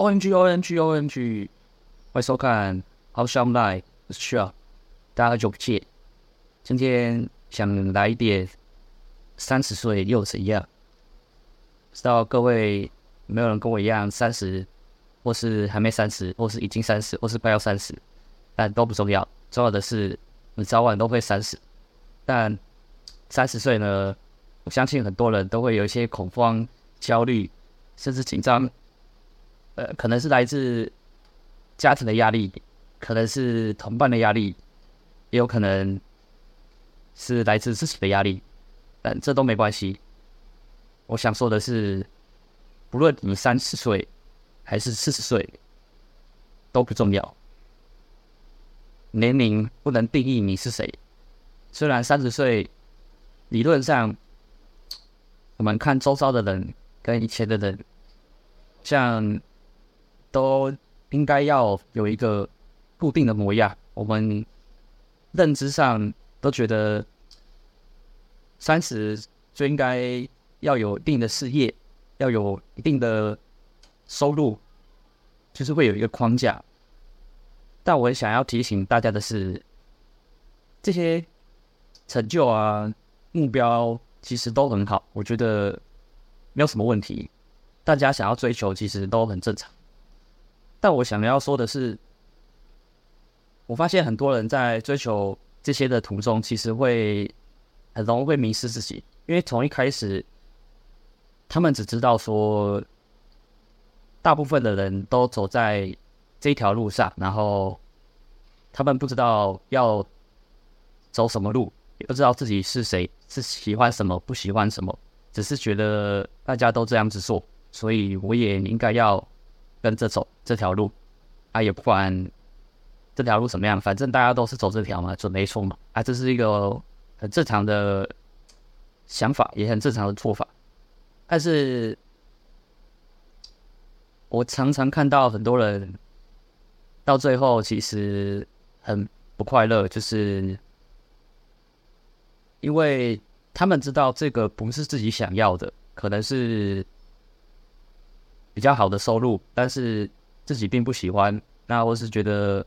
O N G O N G O N G，歡迎收看《How Show Me Live》，我是 Sure，大家好久不見。今天想來一點三十歲又是怎樣？不知道各位沒有人跟我一樣三十，30, 或是還沒三十，或是已經三十，或是快要三十，但都不重要。重要的是你早晚都會三十。但三十歲呢？我相信很多人都會有一些恐慌、焦慮，甚至緊張。呃，可能是來自家庭的壓力，可能是同伴的壓力，也有可能是來自自己的壓力，但這都沒關係。我想說的是，不論你三十歲還是四十歲，都不重要。年齡不能定義你是誰。雖然三十歲，理論上，我們看周遭的人跟以前的人，像。都應該要有一個固定的模樣，我們認知上都覺得三十就應該要有一定的事業，要有一定的收入，就是會有一個框架。但我想要提醒大家的是，這些成就啊，目標其實都很好，我覺得沒有什麼問題，大家想要追求其實都很正常。但我想要說的是，我發現很多人在追求這些的途中，其實會很容易會迷失自己，因為從一開始，他們只知道說，大部分的人都走在這條路上，然後他們不知道要走什麼路，也不知道自己是誰，是喜歡什麼，不喜歡什麼，只是覺得大家都這樣子做，所以我也應該要。跟着走這條路，啊，也不管這條路怎麼樣，反正大家都是走這條嘛，準沒錯嘛。啊，這是一個很正常的想法，也很正常的做法。但是，我常常看到很多人到最後其實很不快樂，就是因為他們知道這個不是自己想要的，可能是。比較好的收入，但是自己並不喜歡；那或是覺得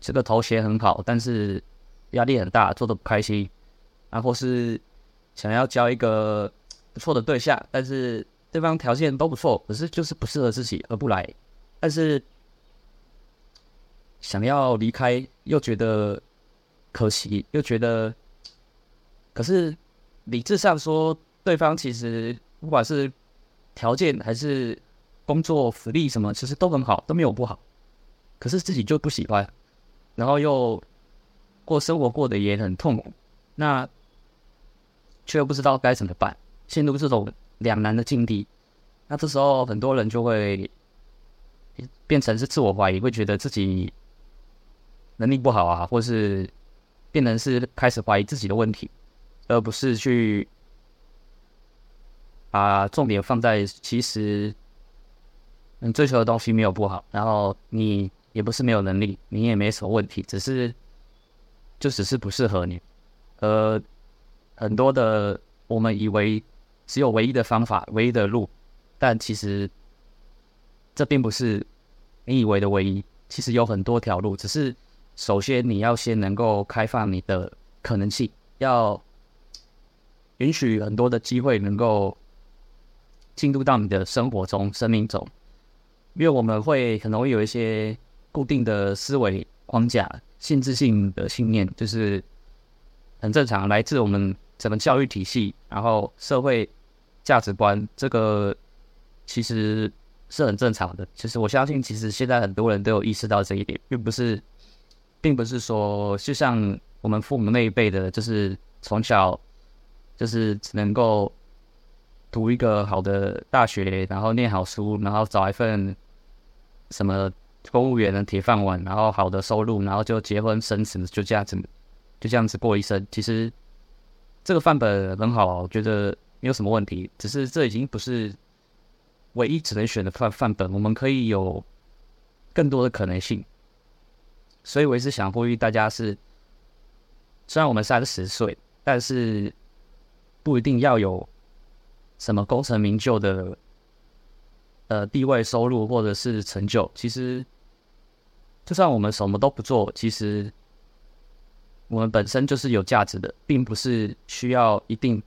這個頭銜很好，但是壓力很大，做得不開心；啊，或是想要交一個不錯的對象，但是對方條件都不錯，可是就是不適合自己而不來；但是想要離開又覺得可惜，又覺得可是理智上說，對方其實不管是。條件還是工作福利什麼，其實都很好，都沒有不好。可是自己就不喜歡，然後又過生活過得也很痛苦，那卻又不知道該怎麼辦，陷入這種兩難的境地。那這時候很多人就會變成是自我懷疑，會覺得自己能力不好啊，或是變成是開始懷疑自己的問題，而不是去。把、啊、重點放在，其實你追求的東西沒有不好，然後你也不是沒有能力，你也沒什麼問題，只是就只是不適合你。呃，很多的我們以為只有唯一的方法、唯一的路，但其實這並不是你以為的唯一，其實有很多條路。只是首先你要先能夠開放你的可能性，要允許很多的機會能夠。進入到你的生活中、生命中，因為我們會很容易有一些固定的思維框架、限制性的信念，就是很正常，來自我們整個教育體系，然後社會價值觀，這個其實是很正常的。其實我相信，其實現在很多人都有意識到這一點，並不是，並不是說就像我們父母那一輩的，就是從小就是只能夠。讀一個好的大學，然後念好書，然後找一份什麼公務員的鐵飯碗，然後好的收入，然後就結婚生子，就這樣子，就這樣子過一生。其實這個範本很好，我覺得沒有什麼問題。只是這已經不是唯一只能選的範範本，我們可以有更多的可能性。所以，我一直想呼籲大家是：雖然我們三十歲，但是不一定要有。什麼功成名就的，呃，地位、收入或者是成就，其實就算我們什麼都不做，其實我們本身就是有價值的，並不是需要一定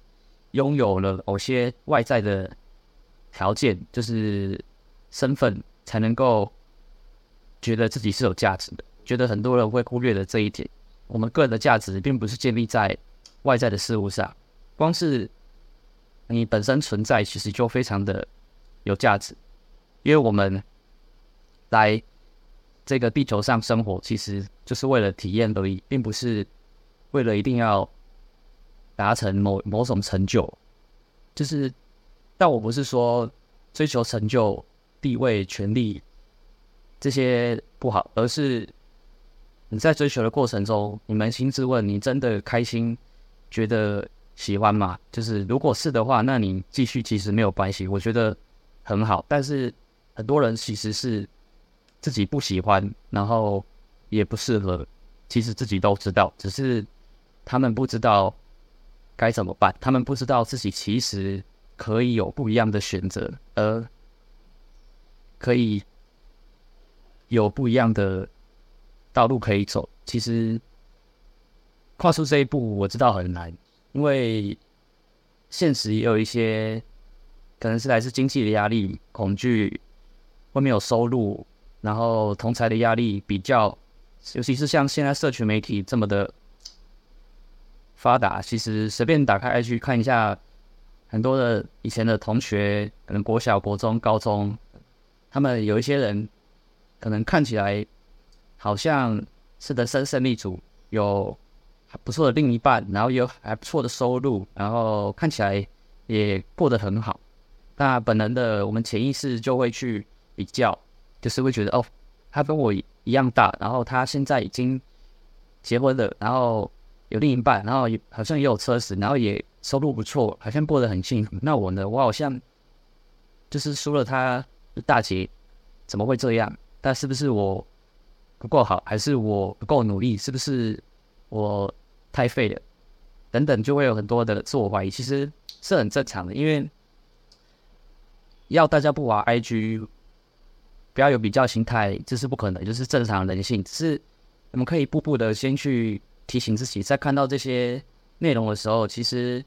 擁有了某些外在的條件，就是身份才能夠覺得自己是有價值的。覺得很多人會忽略了這一點，我們個人的價值並不是建立在外在的事物上，光是。你本身存在其實就非常的有價值，因為我們來這個地球上生活，其實就是為了體驗而已，並不是為了一定要達成某某種成就。就是，但我不是說追求成就、地位、權力這些不好，而是你在追求的過程中，你捫心自問，你真的開心，覺得？喜歡嘛？就是如果是的話，那你繼續其實沒有關係，我覺得很好。但是很多人其實是自己不喜歡，然後也不適合，其實自己都知道，只是他們不知道該怎麼辦，他們不知道自己其實可以有不一樣的選擇，而可以有不一樣的道路可以走。其實跨出這一步，我知道很難。因為現實也有一些，可能是來自經濟的壓力、恐懼，會沒有收入，然後同儕的壓力比較，尤其是像現在社群媒體這麼的發達，其實隨便打開 IG 去看一下，很多的以前的同學，可能國小、國中、高中，他們有一些人，可能看起來好像是的人生勝利組，有，不錯的另一半，然後有還不錯的收入，然後看起來也過得很好。那本能的，我們潛意識就會去比較，就是會覺得哦，他跟我一樣大，然後他現在已經結婚了，然後有另一半，然後好像也有車子，然後也收入不錯，好像過得很幸福。那我呢？我好像就是輸了他一大截，怎麼會這樣？那是不是我不夠好，還是我不夠努力？是不是？我太廢了，等等就會有很多的自我懷疑，其實是很正常的。因為要大家不玩 IG，不要有比較心態，這就是不可能，就是正常人性。只是我們可以一步步的先去提醒自己，在看到這些內容的時候，其實，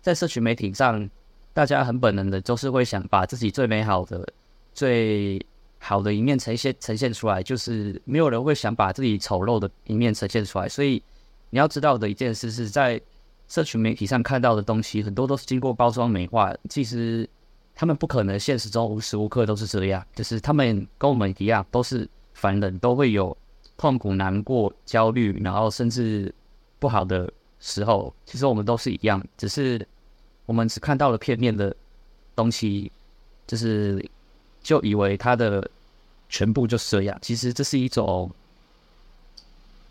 在社群媒體上，大家很本能的都是會想把自己最美好的、最好的一面呈現呈現出來，就是沒有人會想把自己醜陋的一面呈現出來，所以。你要知道的一件事是，在社群媒體上看到的東西很多都是經過包裝美化，其實他們不可能現實中無時無刻都是這樣。就是他們跟我們一樣，都是凡人，都會有痛苦、難過、焦慮，然後甚至不好的時候。其實我們都是一樣，只是我們只看到了片面的東西，就是就以為他的全部就是這樣。其實這是一種，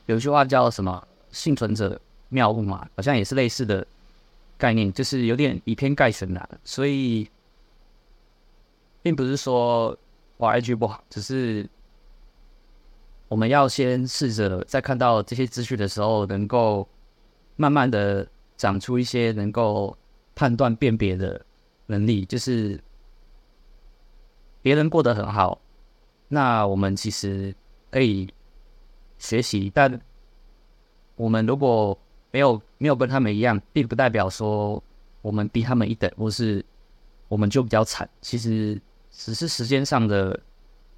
有句話叫什麼？幸存者謬誤嘛，好像也是類似的概念，就是有點以偏概全啦、啊，所以，並不是說挖 IG 不好，只是我們要先試着在看到這些資訊的時候，能夠慢慢的長出一些能夠判斷辨別的能力。就是別人過得很好，那我們其實可以學習，但。我們如果沒有沒有跟他們一樣，並不代表說我們低他們一等，或是我們就比較慘。其實只是時間上的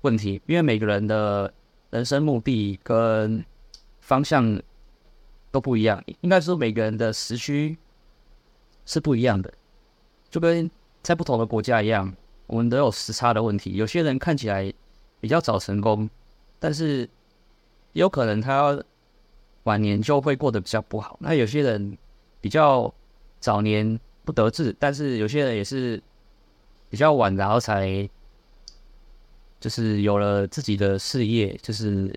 問題，因為每個人的人生目的跟方向都不一樣，應該說每個人的時區是不一樣的，就跟在不同的國家一樣，我們都有時差的問題。有些人看起來比較早成功，但是也有可能他晚年就會過得比較不好。那有些人比較早年不得志，但是有些人也是比較晚，然後才就是有了自己的事業，就是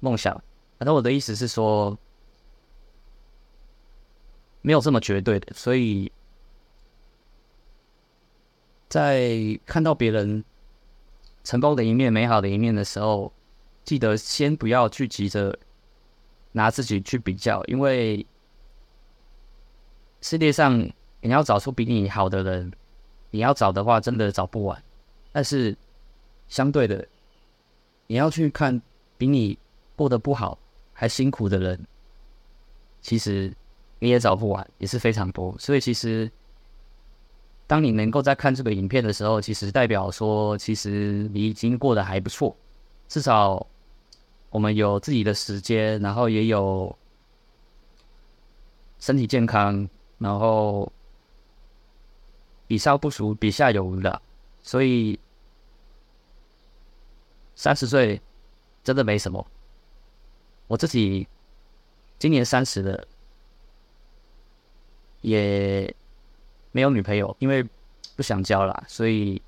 夢想。反正我的意思是說，沒有這麼絕對的，所以在看到別人成功的一面、美好的一面的時候，記得先不要去急着。拿自己去比較，因為世界上你要找出比你好的人，你要找的話真的找不完。但是相對的，你要去看比你過得不好還辛苦的人，其實你也找不完，也是非常多。所以其實，當你能夠在看這個影片的時候，其實代表說，其實你已經過得還不錯，至少。我們有自己的時間，然後也有身體健康，然後比上不足，比下有餘了。所以三十歲真的沒什麼。我自己今年三十了，也沒有女朋友，因為不想交了，所以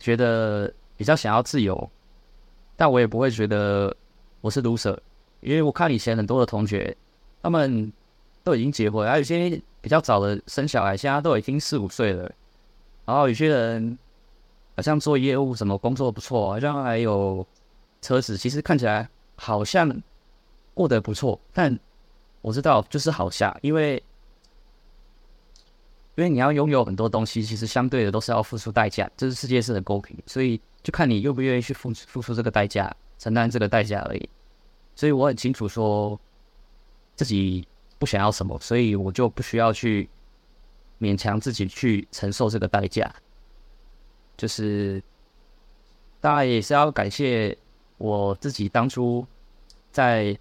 覺得比較想要自由。但我也不會覺得我是 loser，因為我看以前很多的同學，他們都已經結婚了，還、啊、有些比較早的生小孩，現在都已經四五歲了。然後有些人好像做業務什麼工作不錯，好像還有車子，其實看起來好像過得不錯。但我知道就是好像，因為因為你要擁有很多東西，其實相對的都是要付出代價。這個世界是很公平，所以。就看你願不願意去付付出這個代價，承擔這個代價而已。所以我很清楚說自己不想要什麼，所以我就不需要去勉強自己去承受這個代價。就是當然也是要感謝我自己當初在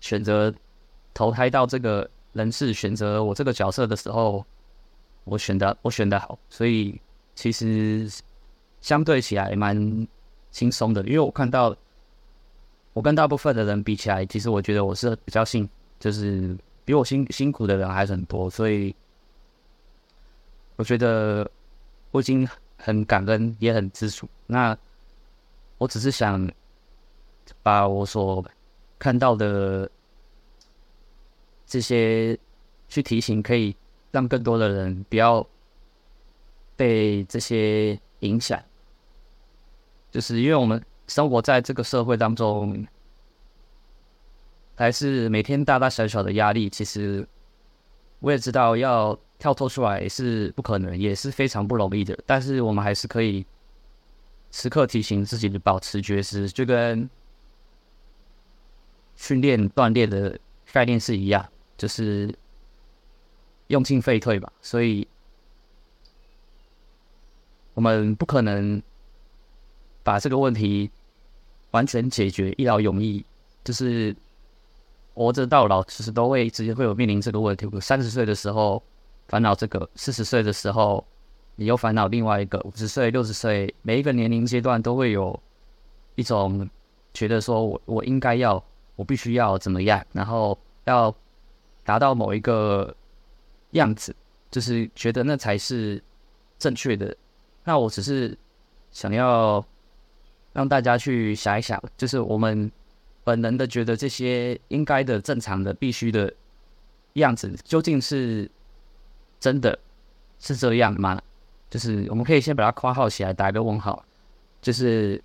選擇投胎到這個人世選擇我這個角色的時候，我選的我選的好，所以其實。相對起來蠻輕鬆的，因為我看到我跟大部分的人比起來，其實我覺得我是比較幸，就是比我辛辛苦的人還很多，所以我覺得我已經很感恩，也很知足。那我只是想把我所看到的這些去提醒，可以讓更多的人不要被這些影響。就是因為我們生活在這個社會當中，還是每天大大小小的壓力。其實我也知道，要跳脫出來是不可能，也是非常不容易的。但是我們還是可以時刻提醒自己的，保持覺知，就跟訓練鍛鍊的概念是一樣，就是用進廢退吧，所以我們不可能。把這個問題完全解決一勞永逸，就是活着到老，其實都會一直會有面臨這個問題。三十歲的時候煩惱這個，四十歲的時候你又煩惱另外一個，五十歲、六十歲，每一個年齡階段都會有一種覺得說我我應該要，我必須要怎麼樣，然後要達到某一個樣子，就是覺得那才是正確的。那我只是想要。讓大家去想一想，就是我們本能的覺得這些應該的、正常的、必須的樣子，究竟是真的是這樣嗎？就是我們可以先把它括號起來，打一個問號。就是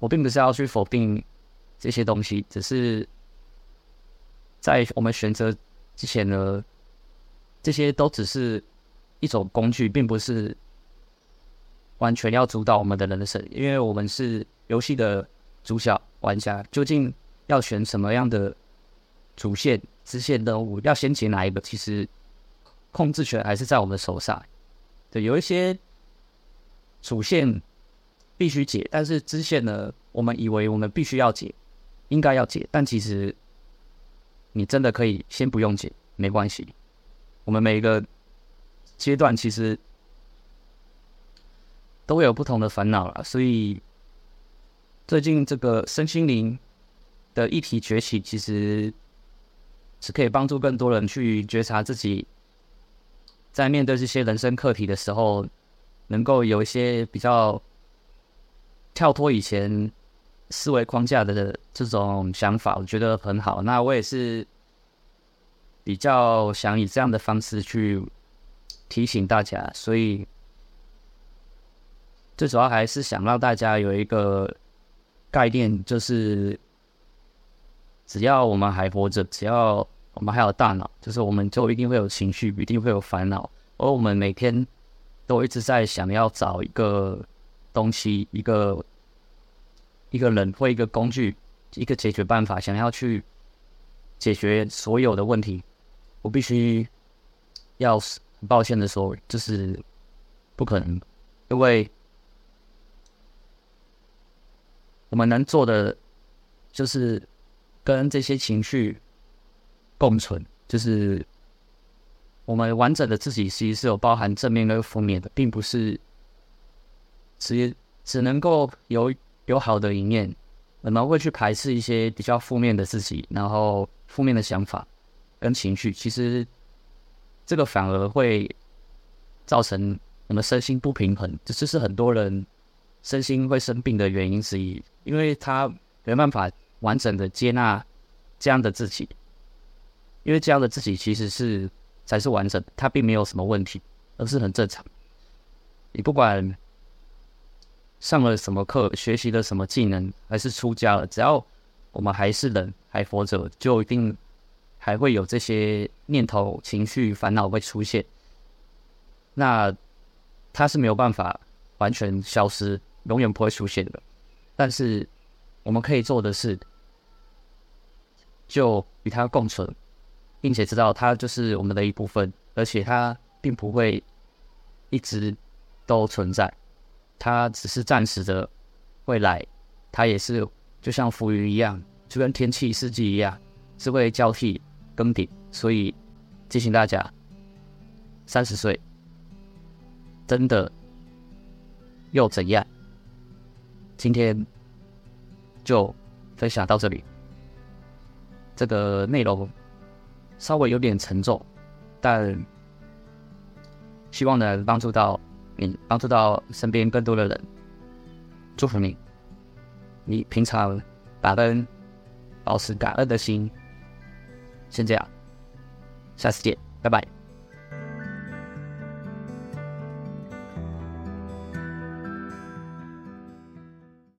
我並不是要去否定這些東西，只是在我們選擇之前呢，這些都只是一種工具，並不是。完全要主導我們的人生，因為我們是遊戲的主角玩家。究竟要選什麼樣的主線、支線任務，要先解哪一個？其實控制權還是在我們手上。對，有一些主線必須解，但是支線呢？我們以為我們必須要解，應該要解，但其實你真的可以先不用解，沒關係。我們每一個階段其實。都有不同的煩惱啦，所以最近這個身心靈的議題崛起，其實是可以幫助更多人去覺察自己，在面對這些人生課題的時候，能夠有一些比較跳脫以前思維框架的這種想法，我覺得很好。那我也是比較想以這樣的方式去提醒大家，所以。最主要還是想讓大家有一個概念，就是只要我們還活着，只要我們還有大腦，就是我們就一定會有情緒，一定會有煩惱。而我們每天都一直在想要找一個東西，一個一個人或一個工具，一個解決辦法，想要去解決所有的問題。我必須要很抱歉的說，就是不可能，可能因為。我們能做的就是跟這些情緒共存，就是我們完整的自己，其實是有包含正面跟負面的，並不是只只能夠有有好的一面，我們會去排斥一些比較負面的自己，然後負面的想法跟情緒，其實這個反而會造成我們身心不平衡，這就是很多人。身心會生病的原因之一，因為他沒辦法完整的接納這樣的自己，因為這樣的自己其實是才是完整，他並沒有什麼問題，而是很正常。你不管上了什麼課，學習了什麼技能，還是出家了，只要我們還是人，還活着，就一定還會有這些念頭、情緒、煩惱會出現。那他是沒有辦法完全消失。永遠不會出現的，但是我們可以做的是，就與它共存，並且知道它就是我們的一部分，而且它並不會一直都存在，它只是暫時的。未來，它也是就像浮雲一樣，就跟天氣四季一樣，是會交替更迭。所以提醒大家，三十歲真的又怎樣？今天就分享到這裡。這個內容稍微有點沉重，但希望能幫助到你，幫助到身邊更多的人。祝福你，你平常把恩，保持感恩的心。先這樣，下次見，拜拜。